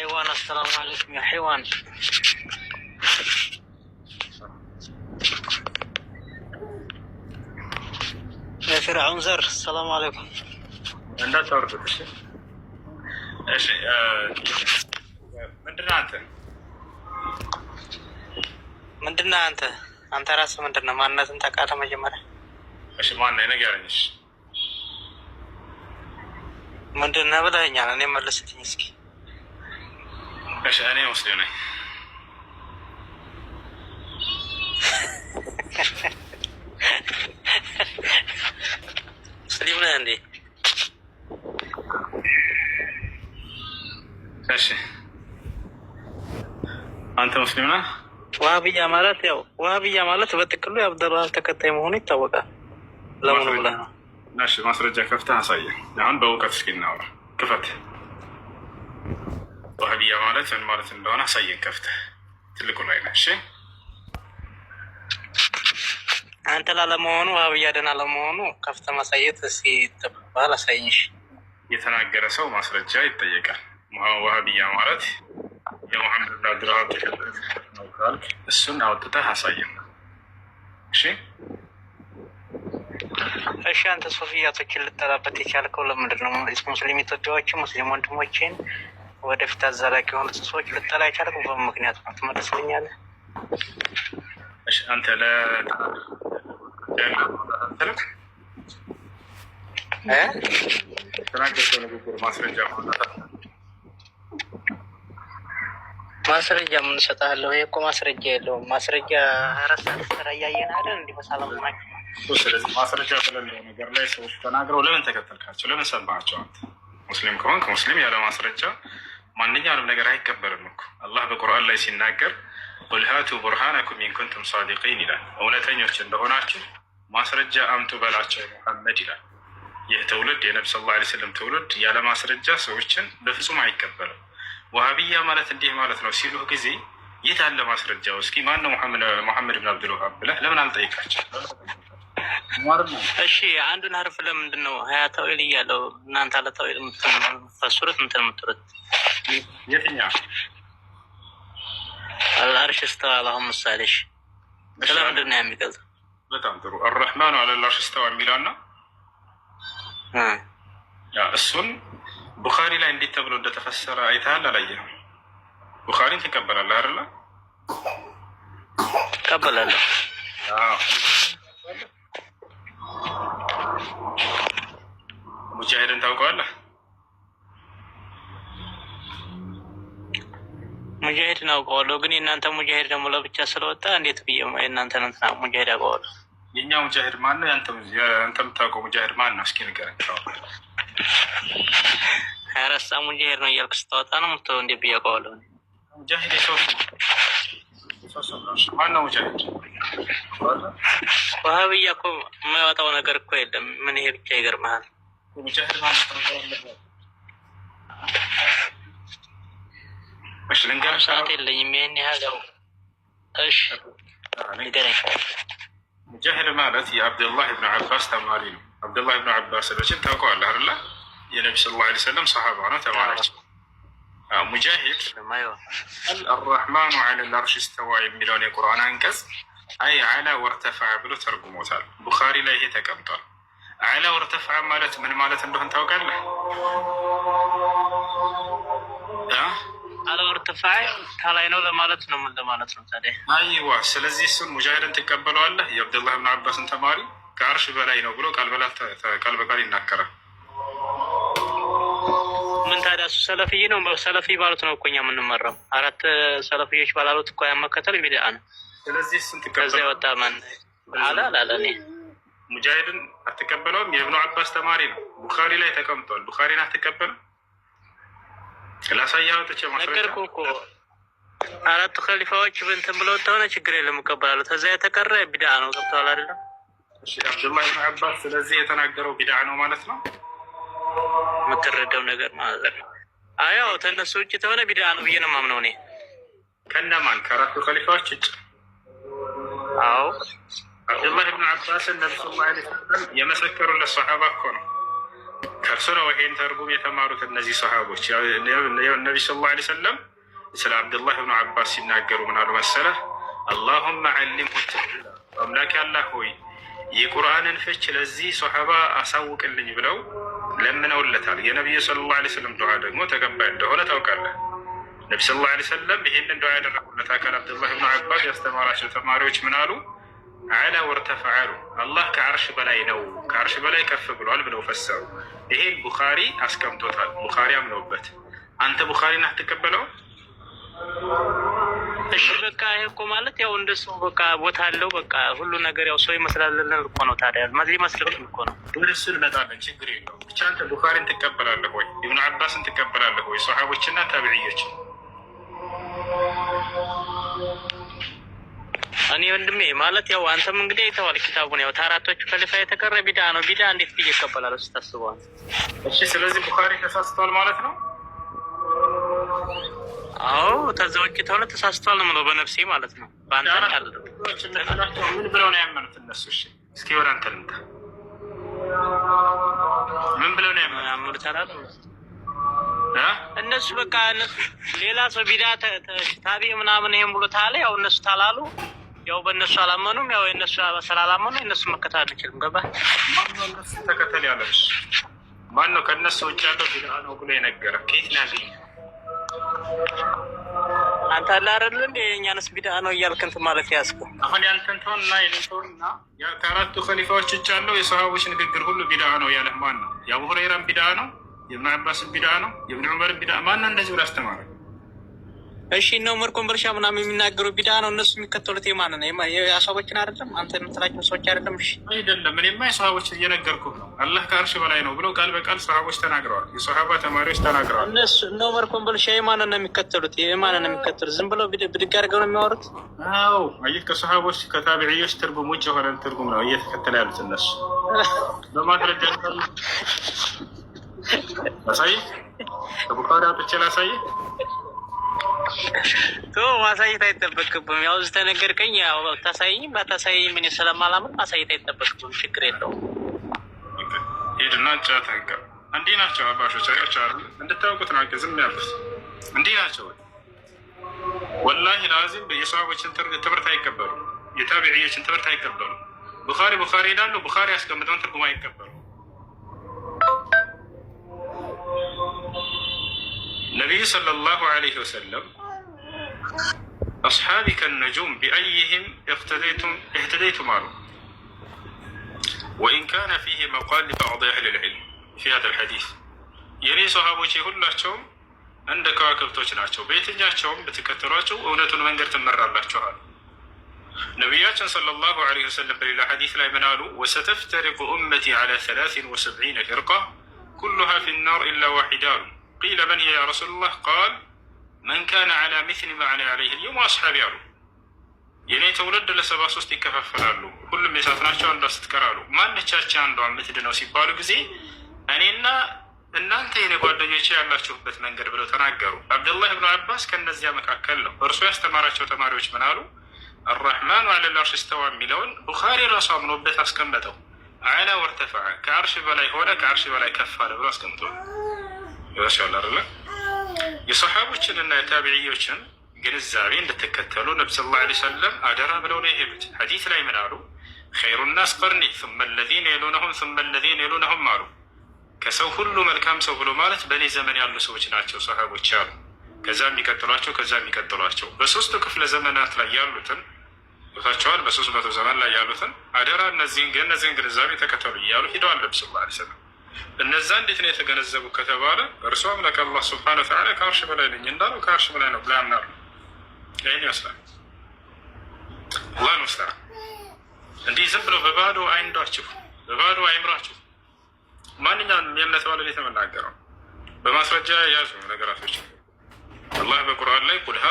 hewan Assalamualaikum ya hewan Ya Fir'aun Zer Assalamualaikum Anda tahu Eh sih Mendena Anta Mendena Anta Anta rasa mendena Mana tentang kata majemara Masih mana ini gara ini Mendena Bila ini Ini malah setinggi sekali እኔ ሙስሊም ነኝ ስሊም ነህ እንዴ? እሺ አንተ ሙስሊም ነህ? ዋህብያ ማለት ያው ዋህብያ ማለት በጥቅሉ የአብደራል ተከታይ መሆኑ ይታወቃል። ለምን ብለህ ነው? ማስረጃ ከፍተህ አሳየን። አሁን በእውቀት እስኪናወራ ክፈት ዋህብያ ማለት ምን ማለት እንደሆነ አሳየን። ከፍተ ትልቁ ላይ ነው። እሺ አንተ ላለመሆኑ ዋህብያ ደህና ለመሆኑ ከፍተ ማሳየት ሲባል አሳይሽ የተናገረ ሰው ማስረጃ ይጠየቃል። ዋህብያ ማለት የሙሐመድ ና አብድረሃብ ተከታይ ነው ካልክ እሱን አውጥተህ አሳየን። እሺ እሺ አንተ ሶፊያቶችን ልጠራበት የቻልከው ለምንድን ነው? ሙስሊም ኢትዮጵያዎችን ሙስሊም ወንድሞችን ወደፊት አዘላቂ የሆኑ ሰዎች ልጠላ የቻልኩ በምን ምክንያት ነው? ትመልስልኛለህ? አንተ ለተናገርከው ማስረጃ ማስረጃ ምን እሰጥሃለሁ? ይሄ እኮ ማስረጃ የለውም። ማስረጃ ረሳ ስራ እያየን አይደል? እንዲህ በሰላም ናቸው። ስለዚህ ማስረጃ በሌለው ነገር ላይ ሰዎች ተናግረው ለምን ተከተልካቸው? ለምን ሰማሃቸው? አንተ ሙስሊም ከሆንክ ሙስሊም ያለ ማስረጃ ማንኛውንም ነገር አይቀበልም እኮ አላህ በቁርአን ላይ ሲናገር ቁል ሃቱ ቡርሃነኩም ኢንኩንቱም ሳዲቂን ይላል። እውነተኞች እንደሆናችሁ ማስረጃ አምጡ በላቸው ሙሐመድ ይላል። ይህ ትውልድ የነቢ ስ ላ ስለም ትውልድ ያለ ማስረጃ ሰዎችን በፍጹም አይቀበልም። ዋሃብያ ማለት እንዲህ ማለት ነው ሲሉህ ጊዜ የት አለ ማስረጃው? እስኪ ማን ነው ሙሐመድ ብን አብዱልውሃብ ብለህ ለምን አልጠይቃቸው? እሺ አንዱን ሀርፍ ለምንድን ነው ሀያ ታዊል እያለው እናንተ አለ ታዊል ፈሱረት ምትን ምትረት يقنع العرش استوى اللهم ሳልሽ ስለ ምንድን ነው የሚገልጸው? በጣም ጥሩ አረሕማኑ አለ ላርሽ ስተዋ የሚለውና እሱን ቡኻሪ ላይ እንዴት ተብሎ እንደተፈሰረ አይተሃል አላየህም? ቡኻሪን ትቀበላለህ አይደለ? ትቀበላለህ ሙጃሂድን ታውቀዋለህ? ሙጃሂድን አውቀዋለሁ፣ ግን የእናንተ ሙጃሄድ ደግሞ ለብቻ ስለወጣ እንዴት ብዬ የእናንተ እንትና ሙጃሄድ አውቀዋለሁ። የእኛ ሙጃሄድ ማን ነው? ያንተ የምታውቀው ሙጃሂድ ማን ነው? እስኪ ንገረኝ። ረሳ ሙጃሄድ ነው እያልክ ስታወጣ ነው ምት እንዴት ብዬ አውቀዋለሁ። ሙጃሄድ የሰው ነው? ሙጃሂድ ዋሀብያ እኮ የማይወጣው ነገር እኮ የለም። ምን ይሄ ብቻ ይገርመሃል። ሙጃሄድ ማን ነው? ሰዓት የለኝም። ይህን ያህል እሺ፣ ንገረኝ። ጀህል ማለት የአብዱላህ ብን አባስ ተማሪ ነው። አብዱላህ ብን አባስ ሎችን ታውቀዋለህ አይደለ? የነቢ ስ ላ ሰለም ሰሓባ ነው፣ ተማሪያቸው ሙጃሂድ አራሕማኑ ዐለ ልአርሽ እስተዋ የሚለውን የቁርአን አንቀጽ አይ ዐላ ወርተፈዐ ብሎ ተርጉሞታል። ቡኻሪ ላይ ይሄ ተቀምጧል። ዐላ ወርተፈዐ ማለት ምን ማለት እንደሆን ታውቃለህ? አለ እርትፋዕ ታላይ ነው ለማለት ነው። ምን ለማለት ነው ታዲያ? አይዋ ስለዚህ እሱን ሙጃሂድን ትቀበለዋለህ? የአብደላህ ብን አባስን ተማሪ ከአርሽ በላይ ነው ብሎ ቃል በቃል ይናገራል። ምን ታዲያ እሱ ሰለፍይ ነው። ሰለፊ ባሉት ነው እኮ እኛ የምንመራው። አራት ሰለፍዮች ባላሉት እኮ ያመከተል ቢድዓ ነው። ስለዚህ እሱን ትቀበለዋለህ? ወጣ ማን አለ አላለ እኔ ሙጃሂድን አትቀበለውም። የብኑ አባስ ተማሪ ነው። ቡኻሪ ላይ ተቀምጧል። ቡኻሪን አትቀበለው ላሳያ ወጥቼ ነገርኩህ እኮ አራቱ ከሊፋዎች በእንትን ብለው ተሆነ ችግር የለም እቀበላለሁ። ተዛ የተቀረ ቢዳ ነው። ገብተዋል አይደለም? አብዱላ ብን አባስ ስለዚህ የተናገረው ቢዳ ነው ማለት ነው። የምትረዳው ነገር ማለት ነው። አያው ተነሱ ውጭ ተሆነ ቢዳ ነው ብዬ ነው የማምነው እኔ። ከነማን ከአራቱ ከሊፋዎች ውጭ? አዎ አብዱላ ብን አባስ እነሱ ማለት የመሰከሩለት ሰሓባ እኮ ነው ከእርሱ ነው ይሄን ተርጉም የተማሩት እነዚህ ሰሃቦች። ነቢ ስ ላ ሰለም ስለ አብዱላህ ብኑ አባስ ሲናገሩ ምናሉ መሰለ አላሁመ አሊምሁ ተዊላ፣ አምላክ ያላህ ሆይ የቁርአንን ፍች ለዚህ ሶሐባ አሳውቅልኝ ብለው ለምነውለታል። የነቢዩ ስለ ላ ስለም ዱዓ ደግሞ ተቀባይ እንደሆነ ታውቃለህ። ነቢ ስለ ላ ሰለም ይህንን ዱዓ ያደረጉለት አካል አብዱላህ ብኑ አባስ ያስተማራቸው ተማሪዎች ምናሉ አላ ወርተፈዓሉ አላህ ከአርሽ በላይ ነው፣ ከአርሽ በላይ ከፍ ብሏል ብለው ፈሰሩ። ይሄን ቡኻሪ አስቀምጦታል። ቡኻሪ አምነውበት። አንተ ቡኻሪን አትቀበለው? እሺ በቃ ይሄ እኮ ማለት ያው እንደ ሰው በቃ ቦታ አለው በቃ ሁሉ ነገር ያው ሰው ይመስላልን እኮ ነው። ታዲያ መዚ መስልብን እኮ ነው። እሱ እንመጣለን፣ ችግር የለው። ብቻ አንተ ቡኻሪን ትቀበላለህ ወይ? ኢብኑ አባስን ትቀበላለህ ወይ? ሰሓቦችና ታቢዕዮች እኔ ወንድሜ ማለት ያው አንተም እንግዲህ አይተዋል ኪታቡን። ያው ታራቶቹ ከልፋ የተቀረ ቢዳ ነው። ቢዳ እንዴት ብዬ እቀበላለሁ ስታስበዋል? እሺ፣ ስለዚህ ቡኻሪ ተሳስተዋል ማለት ነው። አዎ፣ ተዛ ውጭ ተሆነ ተሳስተዋል ነው የምለው በነፍሴ ማለት ነው። በአንተ ምን ብለው ነው ያመኑት እነሱ? እሺ፣ እስኪ ወደ አንተ ልምጣ። ምን ብለው ነው ያመኑት? አላለ እነሱ በቃ ሌላ ሰው ቢዳ ታቢ ምናምን ይሄን ብሎ ታለ ያው እነሱ ታላሉ ያው በእነሱ አላመኑም። ያው የነሱ ስላላመኑ የነሱ መከተል አንችልም። ገባ ተከተል ያለች ማን ነው? ከእነሱ ውጭ ያለው ቢድዓ ነው ብሎ የነገረ ከየት ነው ያገኘ? አንተ አለ አይደል እንደ የእኛንስ ቢድዓ ነው እያልክንት ማለት ያስኩ አሁን ያልከንተውን እና የሌንተውን እና ከአራቱ ከሊፋዎች ውጭ ያለው የሰሃቦች ንግግር ሁሉ ቢድዓ ነው ያለህ ማን ነው? የአቡ ሁረይራን ቢድዓ ነው፣ የብን አባስን ቢድዓ ነው፣ የብን ዑመርን ቢድዓ ማን ነው? እንደዚህ ብሎ አስተማረ እሺ ነው ኡመር ኮንበርሻ ምናምን የሚናገሩ ቢዳ ነው። እነሱ የሚከተሉት የማን ነው? የአስዋቦችን አይደለም። አንተ የምትላቸው ሰዎች አይደለም። እሺ አይደለም። እኔማ የሰሃቦችን እየነገርኩ ነው። አላህ ከአርሽ በላይ ነው ብለው ቃል በቃል ሰሃቦች ተናግረዋል። የሰሃባ ተማሪዎች ተናግረዋል። እነሱ ነው ኡመር ኮንበርሻ የማን ነው የሚከተሉት? የማን ነው የሚከተሉት? ዝም ብለው ብድግ አድርገው ነው የሚያወሩት። አዎ አየህ፣ ከሰሃቦች ከታቢዕዮች ትርጉም ውጭ የሆነ ትርጉም ነው እየተከተለ ያሉት እነሱ በማድረግ ያሉ አሳይ ከቡካሪ አውጥቼ ላሳይ ቶ ማሳየት አይጠበቅብም። ያው ዝተነገርከኝ ታሳይኝ ባታሳይኝ ምን ስለማላምን ማሳየት አይጠበቅብም። ችግር የለውም። ሂድና ጫት ንቀ እንዲህ ናቸው አባሾች ሪዎች እንድታውቁት ናቸው። ዝም ያሉት እንዲህ ናቸው። ወላሂ ላዚም የሰሃቦችን ትምህርት አይቀበሉ፣ የታቢዕዮችን ትምህርት አይቀበሉ። ቡኻሪ ቡኻሪ ይላሉ፣ ቡኻሪ ያስቀምጠውን ትርጉም አይቀበሉ። النبي صلى الله عليه وسلم أصحابك النجوم بأيهم اقتديتم اهتديتم عنه وإن كان فيه مقال لبعض أهل العلم في هذا الحديث يعني صحابو شيء كل شيء عندك واقف توش ناشو بيت ناشو بتكثر ناشو أونت المنجر تمر على ناشو هذا صلى الله عليه وسلم قال إلى حديث لا يمنالو وستفترق أمتي على ثلاث وسبعين فرقة كلها في النار إلا واحدة ቂለ መን ያ ረሱሉላህ ቃል መን ካነ ዐላ ሚስሊ ማ አነ ዐለይህ ልየውም አስሓቢ አሉ። የእኔ ትውልድ ለሰባ ሶስት ይከፋፈላሉ፣ ሁሉም የሳት ናቸው፣ አንዷ ስትቀር አሉ። ማነቻችን አንዷ የምትድነው ሲባሉ ጊዜ እኔና እናንተ የኔ ጓደኞች ያላችሁበት መንገድ ብለው ተናገሩ። አብደላህ ብኑ አባስ ከእነዚያ መካከል ነው። እርሱ ያስተማራቸው ተማሪዎች ምን አሉ? አራሕማኑ ዐለል አርሽ እስተዋ የሚለውን ቡኻሪ ራሱ አምኖበት አስቀመጠው። ዐላ ወርተፈዐ ከአርሽ በላይ ሆነ፣ ከአርሽ በላይ ከፍ አለ ብሎ አስቀምጧል። ደርሻል አይደለ? የሰሓቦችን እና የታቢዕዮችን ግንዛቤ እንድትከተሉ ነቢ ስለ ላ ሰለም አደራ ብለው ነው የሄዱት። ሐዲስ ላይ ምን አሉ? ኸይሩ ናስ ቀርኒ ሱመ ለዚነ የሉነሁም ሱመ ለዚነ የሉነሁም አሉ። ከሰው ሁሉ መልካም ሰው ብሎ ማለት በእኔ ዘመን ያሉ ሰዎች ናቸው ሰሓቦች አሉ። ከዛ የሚቀጥሏቸው ከዛ የሚቀጥሏቸው በሶስቱ ክፍለ ዘመናት ላይ ያሉትን ቦታቸዋል። በሶስት መቶ ዘመን ላይ ያሉትን አደራ እነዚህን እነዚህን ግንዛቤ ተከተሉ እያሉ ሂደዋል ነቢ ስለ ላ ሰለም እነዛ እንዴት ነው የተገነዘቡ ከተባለ እርሱ አምላክ አላህ ስብሐነሁ ወተዓላ ከአርሽ በላይ ነኝ እንዳሉ ከአርሽ በላይ ነው ብላ ያምናሉ። ይህን ይመስላል አላህን ስራ እንዲህ ዝም ብሎ በባዶ አይንዳችሁ በባዶ አይምራችሁ። ማንኛውም የእምነት ባለል የተመናገረው በማስረጃ የያዙ ነገራቶች አላህ በቁርአን ላይ ቁድሃ